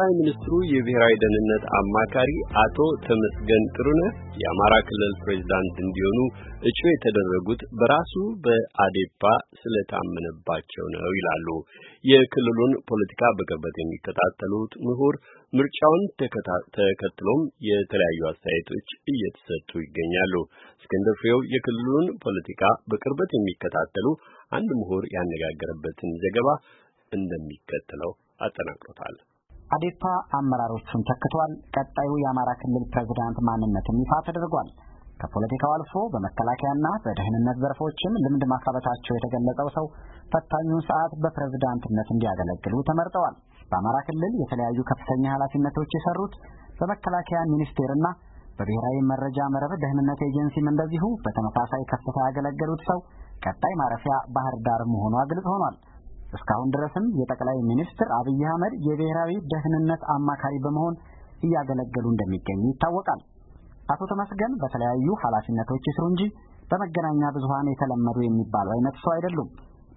የጠቅላይ ሚኒስትሩ የብሔራዊ ደህንነት አማካሪ አቶ ተመስገን ጥሩነህ የአማራ ክልል ፕሬዚዳንት እንዲሆኑ እጩ የተደረጉት በራሱ በአዴፓ ስለታመነባቸው ነው ይላሉ። የክልሉን ፖለቲካ በቅርበት የሚከታተሉት ምሁር ምርጫውን ተከትሎም የተለያዩ አስተያየቶች እየተሰጡ ይገኛሉ። እስክንድር ፍሬው የክልሉን ፖለቲካ በቅርበት የሚከታተሉ አንድ ምሁር ያነጋገረበትን ዘገባ እንደሚከተለው አጠናቅሮታል። አዴፓ አመራሮቹን ተክቷል። ቀጣዩ የአማራ ክልል ፕሬዝዳንት ማንነትም ይፋ ተደርጓል። ከፖለቲካው አልፎ በመከላከያና በደህንነት ዘርፎችም ልምድ ማካበታቸው የተገለጸው ሰው ፈታኙን ሰዓት በፕሬዝዳንትነት እንዲያገለግሉ ተመርጠዋል። በአማራ ክልል የተለያዩ ከፍተኛ ኃላፊነቶች የሰሩት በመከላከያ ሚኒስቴርና በብሔራዊ መረጃ መረብ ደህንነት ኤጀንሲም እንደዚሁ በተመሳሳይ ከፍታ ያገለገሉት ሰው ቀጣይ ማረፊያ ባህር ዳር መሆኑ ግልጽ ሆኗል። እስካሁን ድረስም የጠቅላይ ሚኒስትር አብይ አህመድ የብሔራዊ ደህንነት አማካሪ በመሆን እያገለገሉ እንደሚገኙ ይታወቃል። አቶ ተመስገን በተለያዩ ኃላፊነቶች ይስሩ እንጂ በመገናኛ ብዙሃን የተለመዱ የሚባሉ አይነት ሰው አይደሉም።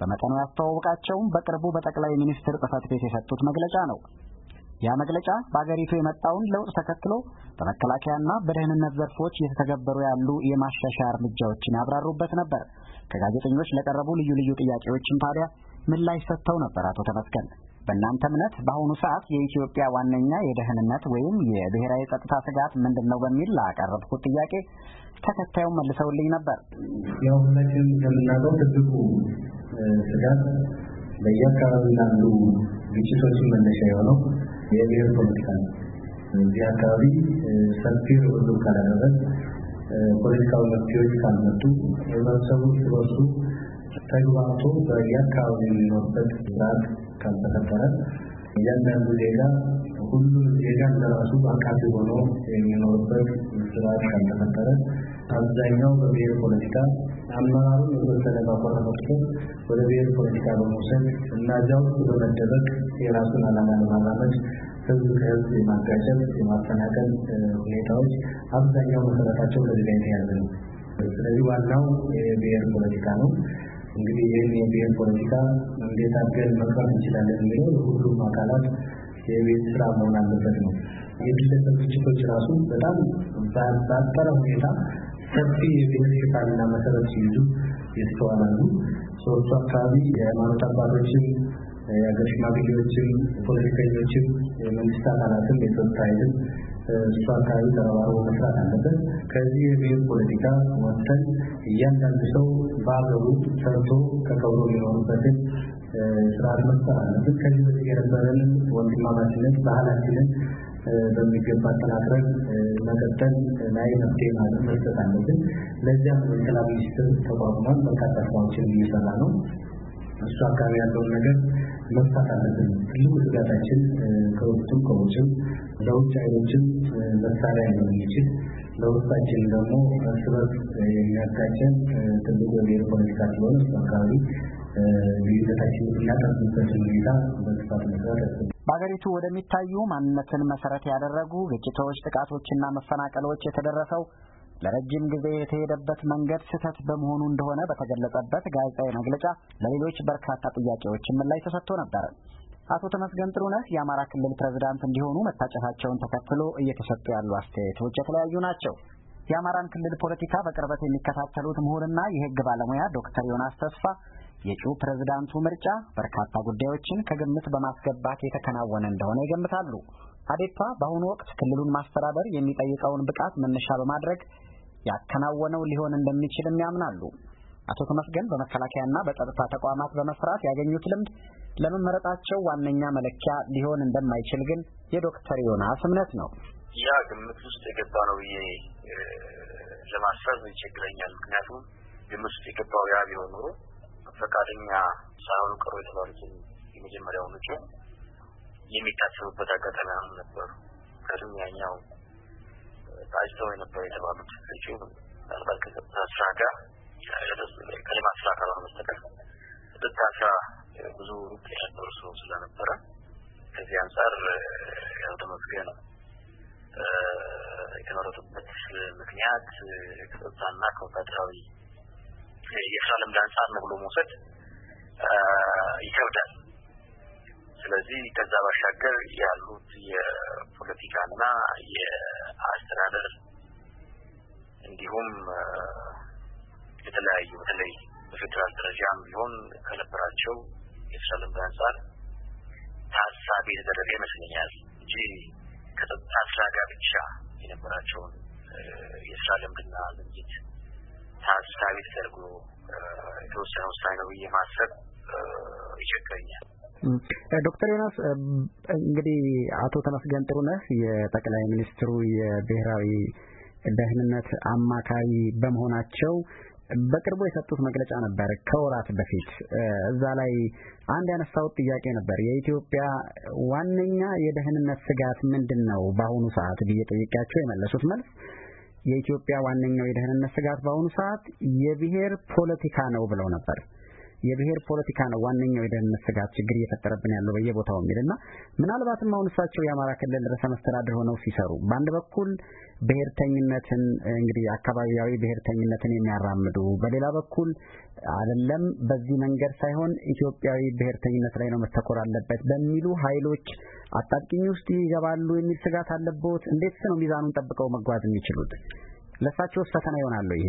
በመጠኑ ያስተዋወቃቸውም በቅርቡ በጠቅላይ ሚኒስትር ጽህፈት ቤት የሰጡት መግለጫ ነው። ያ መግለጫ በአገሪቱ የመጣውን ለውጥ ተከትሎ በመከላከያና በደህንነት ዘርፎች እየተተገበሩ ያሉ የማሻሻያ እርምጃዎችን ያብራሩበት ነበር። ከጋዜጠኞች ለቀረቡ ልዩ ልዩ ጥያቄዎችም ታዲያ ምላሽ ሰጥተው ነበር አቶ ተመስገን። በእናንተ እምነት በአሁኑ ሰዓት የኢትዮጵያ ዋነኛ የደህንነት ወይም የብሔራዊ ጸጥታ ስጋት ምንድን ነው በሚል ላቀረብኩት ጥያቄ ተከታዩን መልሰውልኝ ነበር። ያው ሁላችንም እንደምናውቀው ትልቁ ስጋት በየአካባቢ ላሉ ግጭቶችን መነሻ የሆነው የብሔር ፖለቲካ ነው። እዚህ አካባቢ ሰፊ ርብርብ ካላደረግ፣ ፖለቲካዊ መፍትሄዎች ካልመጡ ህብረተሰቡ እርስ ተግባቱ በየአካባቢ የሚኖርበት ስርዓት ካልተፈጠረ እያንዳንዱ ዜጋ ሁሉንም ዜጋ ለራሱ አቃፊ ሆኖ የሚኖርበት ስርዓት ካልተፈጠረ አብዛኛው በብሔር ፖለቲካ አመራሩን በተወሰነ ባቆረበት ወደ ብሔር ፖለቲካ በመውሰድ እና ውስጥ በመደበቅ የራሱን አላማ ለማራመድ ህዝብ ከህዝብ የማጋጨት የማፈናቀል ሁኔታዎች አብዛኛው መሰረታቸው ከዚህ ጋር የተያያዘ ነው። ስለዚህ ዋናው የብሔር ፖለቲካ ነው። እንግዲህ ይህን የብሔር ፖለቲካ እንዴት አድርገን መቅረፍ እንችላለን የሚለው ሁሉም አካላት የቤት ስራ መሆን አለበት ነው። የግለሰብ ግጭቶች ራሱ በጣም ባጠረ ሁኔታ ሰፊ የብሔር ሽፋንና መሰረት ሲይዙ ይስተዋላሉ። ሰዎቹ አካባቢ የሃይማኖት አባቶችን የሀገር ሽማግሌዎችም፣ ፖለቲከኞችም፣ የመንግስት አካላትም፣ የጸጥታ ኃይልም እሱ አካባቢ ተረባርቦ መስራት አለበት። ከዚህ የብሔር ፖለቲካ ወጥተን እያንዳንዱ ሰው በሀገሩ ሰርቶ ተከብሮ የሚኖርበትን ስርዓት መፍጠር አለበት። ከዚህ በፊት የነበረንን ወንድማማችነት ባህላችንን በሚገባ አጠናክረን መቀጠል ላይ መፍትሄ ማለት መስጠት አለብን። ለዚያም ክላብ ሚኒስትር ተቋቁሟል። በርካታ ስራዎችን እየሰራ ነው። እሱ አካባቢ ያለውን ነገር መፍታት አለብን። ትልቁ ስጋታችን ከውስጡም ከውጭም ለውጭ ኃይሎችም መሳሪያ ነው የሚችል ለውስጣችን ደግሞ እርስ በርስ የሚያጋጨን ትልቁ የብሔር ፖለቲካ ሲሆን እሱ አካባቢ ልዩነታችን የምናቀርብበትን ሁኔታ በስፋት መስራት በሀገሪቱ ወደሚታዩ ማንነትን መሰረት ያደረጉ ግጭቶች፣ ጥቃቶችና መፈናቀሎች የተደረሰው ለረጅም ጊዜ የተሄደበት መንገድ ስህተት በመሆኑ እንደሆነ በተገለጸበት ጋዜጣዊ መግለጫ ለሌሎች በርካታ ጥያቄዎች ምላሽ ተሰጥቶ ነበር። አቶ ተመስገን ጥሩነህ የአማራ ክልል ፕሬዝዳንት እንዲሆኑ መታጨታቸውን ተከትሎ እየተሰጡ ያሉ አስተያየቶች የተለያዩ ናቸው። የአማራን ክልል ፖለቲካ በቅርበት የሚከታተሉት ምሁርና የሕግ ባለሙያ ዶክተር ዮናስ ተስፋ የጩ ፕሬዝዳንቱ ምርጫ በርካታ ጉዳዮችን ከግምት በማስገባት የተከናወነ እንደሆነ ይገምታሉ። አዴፓ በአሁኑ ወቅት ክልሉን ማስተዳደር የሚጠይቀውን ብቃት መነሻ በማድረግ ያከናወነው ሊሆን እንደሚችልም ያምናሉ። አቶ ተመስገን በመከላከያና በጸጥታ ተቋማት በመስራት ያገኙት ልምድ ለመመረጣቸው ዋነኛ መለኪያ ሊሆን እንደማይችል ግን የዶክተር ዮናስ እምነት ነው። ያ ግምት ውስጥ የገባ ነው ብዬ ለማሰብ ይቸግረኛል። ምክንያቱም ግምት ውስጥ የገባው ያ ቢሆን ኖሮ ፈቃደኛ ሳይሆኑ ቀሩ የተባሉትን የመጀመሪያውኖቹ የሚታሰቡበት አጋጣሚ ነበሩ። ከድም ያኛው ታጭተው የነበረ የተባሉት እጩ መልበር ከጸጥታ ስራ ጋር ከልማት ስራ ካልሆነ በስተቀር ጸጥታ ብዙ ሩቅ የነበሩ ሰው ስለነበረ ከዚህ አንጻር ያው ተመስገን ነው የተመረጡበት ምክንያት ከጸጥታና ከወታደራዊ የስራ ልምድ አንጻር ነው ብሎ መውሰድ ይከብዳል። ስለዚህ ከዛ ባሻገር ያሉት የፖለቲካና የአስተዳደር እንዲሁም የተለያዩ በተለይ በፌዴራል ደረጃም ቢሆን ከነበራቸው የስራ ልምድ አንጻር ታሳቢ የተደረገ ይመስለኛል እንጂ ከጸጥታ ስራ ጋር ብቻ የነበራቸውን የስራ ልምድና ልምጅት ታሳቢ ተደርጎ የተወሰነ ውሳኔ ነው ብዬ ማሰብ ይቸግረኛል። ዶክተር ዮናስ እንግዲህ አቶ ተመስገን ጥሩነህ የጠቅላይ ሚኒስትሩ የብሔራዊ ደህንነት አማካሪ በመሆናቸው በቅርቡ የሰጡት መግለጫ ነበር ከወራት በፊት። እዛ ላይ አንድ ያነሳውት ጥያቄ ነበር። የኢትዮጵያ ዋነኛ የደህንነት ስጋት ምንድን ነው በአሁኑ ሰዓት ብዬ ጠይቄያቸው የመለሱት መልስ የኢትዮጵያ ዋነኛው የደህንነት ስጋት በአሁኑ ሰዓት የብሔር ፖለቲካ ነው ብለው ነበር። የብሔር ፖለቲካ ነው ዋነኛው የደህንነት ስጋት ችግር እየፈጠረብን ያለው በየቦታው የሚልና ምናልባትም አሁን እሳቸው የአማራ ክልል ርዕሰ መስተዳድር ሆነው ሲሰሩ በአንድ በኩል ብሔርተኝነትን እንግዲህ አካባቢያዊ ብሔርተኝነትን የሚያራምዱ በሌላ በኩል አይደለም በዚህ መንገድ ሳይሆን ኢትዮጵያዊ ብሔርተኝነት ላይ ነው መተኮር አለበት በሚሉ ኃይሎች አጣብቂኝ ውስጥ ይገባሉ የሚል ስጋት አለቦት። እንዴትስ ነው ሚዛኑን ጠብቀው መጓዝ የሚችሉት? ለእሳቸውስ ፈተና ይሆናሉ? ይሄ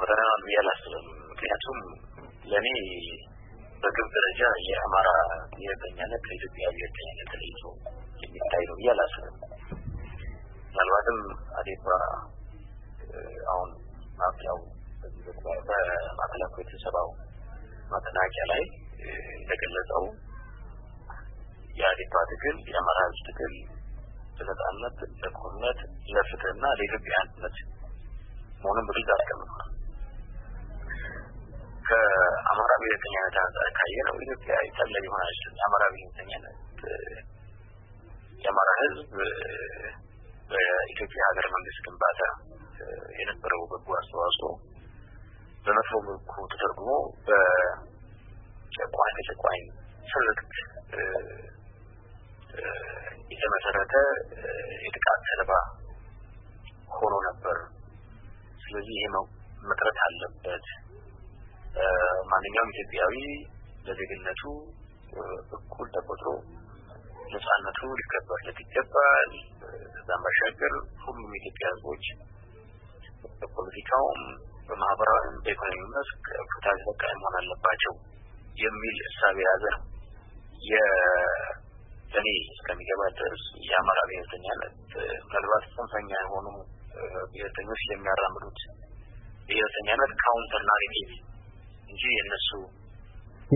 ፈተና ብዬ አላስብም። ምክንያቱም ለእኔ በግብ ደረጃ የአማራ ብሔርተኛነት ከኢትዮጵያ ብሔርተኛነት ተለይቶ የሚታይ ነው ብዬ አላስብም። ምናልባትም አዴባ አሁን ማፍያው በማዕከላዊ ስብሰባው ማጠናቂያ ላይ እንደገለጸው የአዴፓ ትግል የአማራ ህዝብ ትግል ለነጻነት፣ ለእኩልነት፣ ለፍትህና ለኢትዮጵያ አንድነት መሆኑን በግልጽ አስቀምጧል። ከአማራ ብሔርተኛነት አንጻር ካየ ነው ኢትዮጵያ የተለ ሊሆን አይችልም። የአማራ ብሔርተኛነት የአማራ ህዝብ በኢትዮጵያ ሀገር መንግስት ግንባታ የነበረው በጎ አስተዋጽኦ በመጥፎ መልኩ ተተርጉሞ በጨቋኝ ተጨቋኝ ስርቅት የተመሰረተ የጥቃት ሰለባ ሆኖ ነበር። ስለዚህ ይሄ መቅረት አለበት። ማንኛውም ኢትዮጵያዊ ለዜግነቱ እኩል ተቆጥሮ ነጻነቱ ሊከበርለት ይገባል። ከዛም ባሻገር ሁሉም የኢትዮጵያ ሕዝቦች በፖለቲካውም፣ በማህበራዊም፣ በኢኮኖሚ መስክ እኩታ ተጠቃሚ መሆን አለባቸው የሚል እሳቤ የያዘ ነው። የእኔ እስከሚገባ ድረስ የአማራ ብሔርተኛነት ምናልባት ጽንፈኛ የሆኑ ብሔርተኞች የሚያራምዱት ብሔርተኛነት ካውንተር ናሬቲቭ እንጂ የነሱ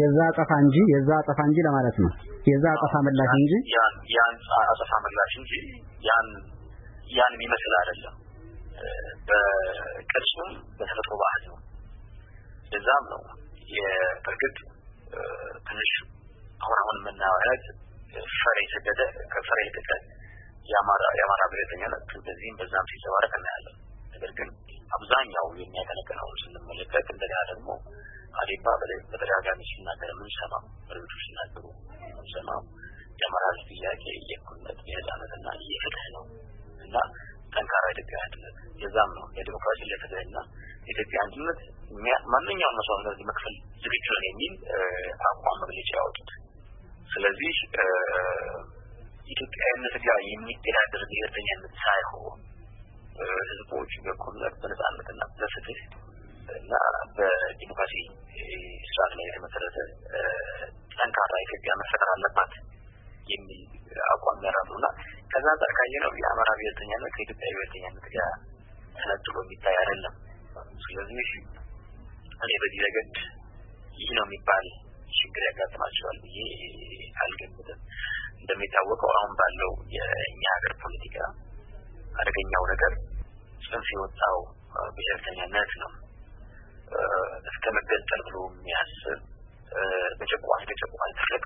የዛ አጠፋ እንጂ የዛ አጠፋ እንጂ ለማለት ነው። የዛ አጠፋ ምላሽ እንጂ ያን ያን አጠፋ ምላሽ እንጂ ያን ያን የሚመስል አይደለም። በቅርጹም በተፈጥሮ ባህል ነው። ለዛም ነው በእርግጥ ትንሽ አሁን አሁን የምናያት ፈሬ ሰደደ ከፈሬ የደቀ የአማራ የአማራ ብሔርተኝነት በዚህም በዛም ሲንጸባረቅ እናያለን። ነገር ግን አብዛኛው የሚያቀነቅነውን ስንመለከት እንደገና ደግሞ አዴፓ በተደጋጋሚ ሲናገር የምንሰማው መሪዎቹ ሲናገሩ የምንሰማው የአማራ ጥያቄ የእኩልነት የነጻነትና የፍትህ ነው እና ጠንካራ ኢትዮጵያ አንድነት የዛም ነው የዲሞክራሲ እና የኢትዮጵያ አንድነት ማንኛውም መስዋዕትነት መክፈል ዝግጁ ነው የሚል አቋም መግለጫ ያወጡት። ስለዚህ ኢትዮጵያዊነት ጋር የሚገዳደር ብሔርተኛነት ሳይሆን ህዝቦች በእኩልነት በነጻነትና በፍትህ እና በዲሞክራሲ ስርዓት ላይ የተመሰረተ ጠንካራ ኢትዮጵያ መፈጠር አለባት የሚል አቋም ያራሉ እና ከዛ አንጻር ነው የአማራ ብሔርተኛነት ከኢትዮጵያ ብሔርተኛነት ጋር ተነጥሎ የሚታይ አይደለም። ስለዚህ እኔ በዚህ ረገድ ይህ ነው የሚባል ችግር ያጋጥማቸዋል ብዬ አልገምትም። እንደሚታወቀው አሁን ባለው የእኛ ሀገር ፖለቲካ አደገኛው ነገር ጽንፍ የወጣው ብሔርተኛነት ነው። እስከ መገንጠል ብሎ የሚያስብ በጨቋኝ በጨቋኝ ትልቅ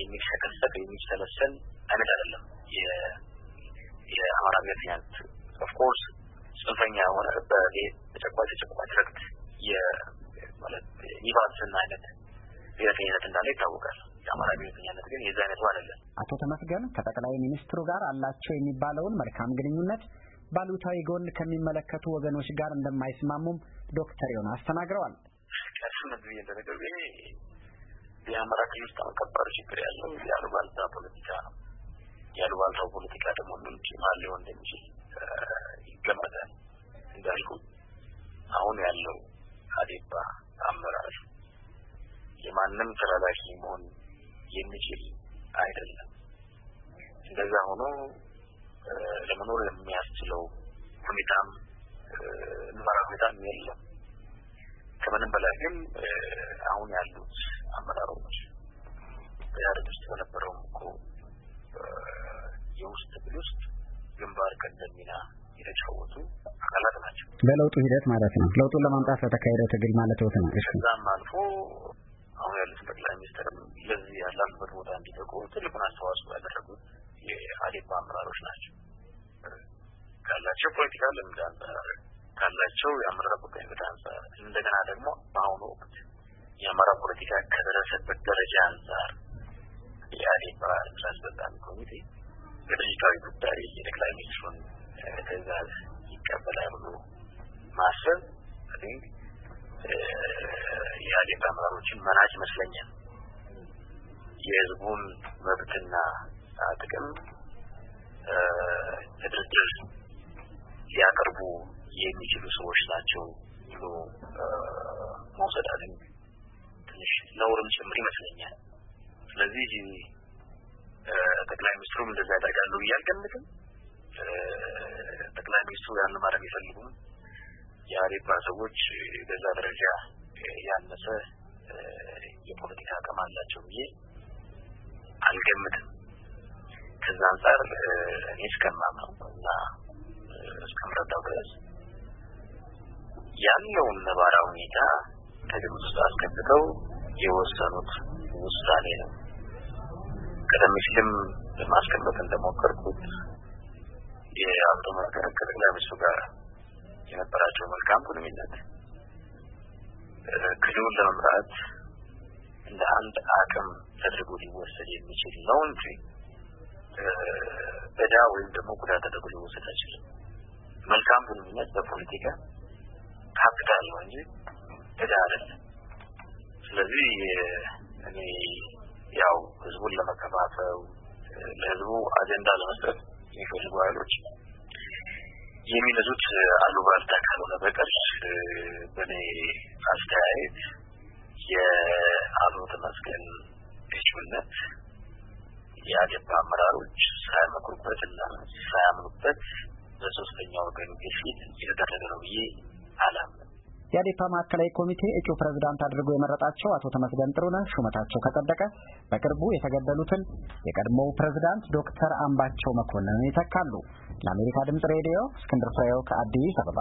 የሚሰከሰቅ የሚሰለሰል አይነት አይደለም። የአማራ ብሔርተኛነት ኦፍኮርስ ጽንፈኛ የሆነ በጨቋኝ በጨቋኝ ትርክት ማለት ኒቫልስን አይነት ብሔርተኝነት እንዳለ ይታወቃል። የአማራ ብሔርተኛነት ግን የዚ አይነቱ አይደለም። አቶ ተመስገን ከጠቅላይ ሚኒስትሩ ጋር አላቸው የሚባለውን መልካም ግንኙነት ባሉታዊ ጎን ከሚመለከቱ ወገኖች ጋር እንደማይስማሙም ዶክተር ዮናስ ተናግረዋል። የአማራ ክልል ውስጥ ከባድ ችግር ያለው የአሉባልታ ፖለቲካ ነው። የአሉባልታው ፖለቲካ ደግሞ ምንጭ ማን ሊሆን እንደሚችል ይገመታል። እንዳልኩ አሁን ያለው አዴባ አመራር የማንም ተላላኪ መሆን የሚችል አይደለም። እንደዛ ሆኖ ለመኖር የሚያስችለው ሁኔታም እንባራ ሁኔታም የለም። ከምንም በላይ ግን አሁን ያሉት አመራሮች በኢህአዴግ ውስጥ በነበረውም እኮ የውስጥ ትግል ውስጥ ግንባር ቀደም ሚና የተጫወቱ አካላት ናቸው። በለውጡ ሂደት ማለት ነው። ለውጡን ለማምጣት በተካሄደ ትግል ማለት ወት ነው። እሺ እዛም አልፎ አሁን ያሉት ጠቅላይ ሚኒስትርም ለዚህ ያላሉበት ቦታ እንዲጠቁ ትልቁን አስተዋጽኦ ያደረጉት የአዴፓ አመራሮች ናቸው። ካላቸው ፖለቲካ ልምድ አንጻር ካላቸው የአመራር ጉዳይ ልምድ አንጻር እንደገና ደግሞ በአሁኑ ወቅት የአመራር ፖለቲካ ከደረሰበት ደረጃ አንጻር የኢህአዴግ ስራ አስፈጻሚ ኮሚቴ በድርጅታዊ ጉዳይ የጠቅላይ ሚኒስትሩን ትእዛዝ ይቀበላል ብሎ ማሰብ ቲንክ የኢህአዴግ አመራሮችን መናቅ ይመስለኛል። የህዝቡን መብትና ጥቅም ለድርድር ሊያቀርቡ የሚችሉ ሰዎች ናቸው ብሎ መውሰድ አለኝ ትንሽ ነውርም ጭምር ይመስለኛል። ስለዚህ ጠቅላይ ሚኒስትሩም እንደዛ ያደርጋሉ ብዬ አልገምትም። ጠቅላይ ሚኒስትሩ ያን ማድረግ የፈልጉም። የአሪባ ሰዎች በዛ ደረጃ ያነሰ የፖለቲካ አቅም አላቸው ብዬ አልገምትም። ከዛ አንጻር እኔ እስከማምነው እና እስከምረዳው ድረስ ያለውን ነባራዊ ሁኔታ ከግምት ውስጥ አስገብተው የወሰኑት ውሳኔ ነው። ቀደም ሲልም ለማስቀመጥ እንደሞከርኩት የአብሮ መከረ ከጠቅላይ ሚኒስትሩ ጋር የነበራቸው መልካም ግንኙነት ክልሉን ለመምራት እንደ አንድ አቅም ተደርጎ ሊወሰድ የሚችል ነው እንጂ እዳ ወይም ደግሞ ጉዳት ተደርጎ ሊወሰድ አይችልም። መልካም ግንኙነት በፖለቲካ ካፒታል ነው እንጂ እዳ አይደለም። ስለዚህ እኔ ያው ህዝቡን ለመከፋፈው ለህዝቡ አጀንዳ ለመስጠት የሚፈልጉ ኃይሎች የሚነዙት አሉባልታ ካልሆነ በቀር በእኔ አስተያየት የአብሮት ተመስገን እጩነት የአዴፓ አመራሮች ሳያመክሩበትና ሳያምኑበት በሶስተኛ ወገን ግፊት የተደረገ ነው ብዬ አላም የአዴፓ ማዕከላዊ ኮሚቴ እጩ ፕሬዝዳንት አድርጎ የመረጣቸው አቶ ተመስገን ጥሩነህ ሹመታቸው ከጸደቀ በቅርቡ የተገደሉትን የቀድሞው ፕሬዝዳንት ዶክተር አምባቸው መኮንንን ይተካሉ። ለአሜሪካ ድምጽ ሬዲዮ እስክንድር ፍሬው ከአዲስ አበባ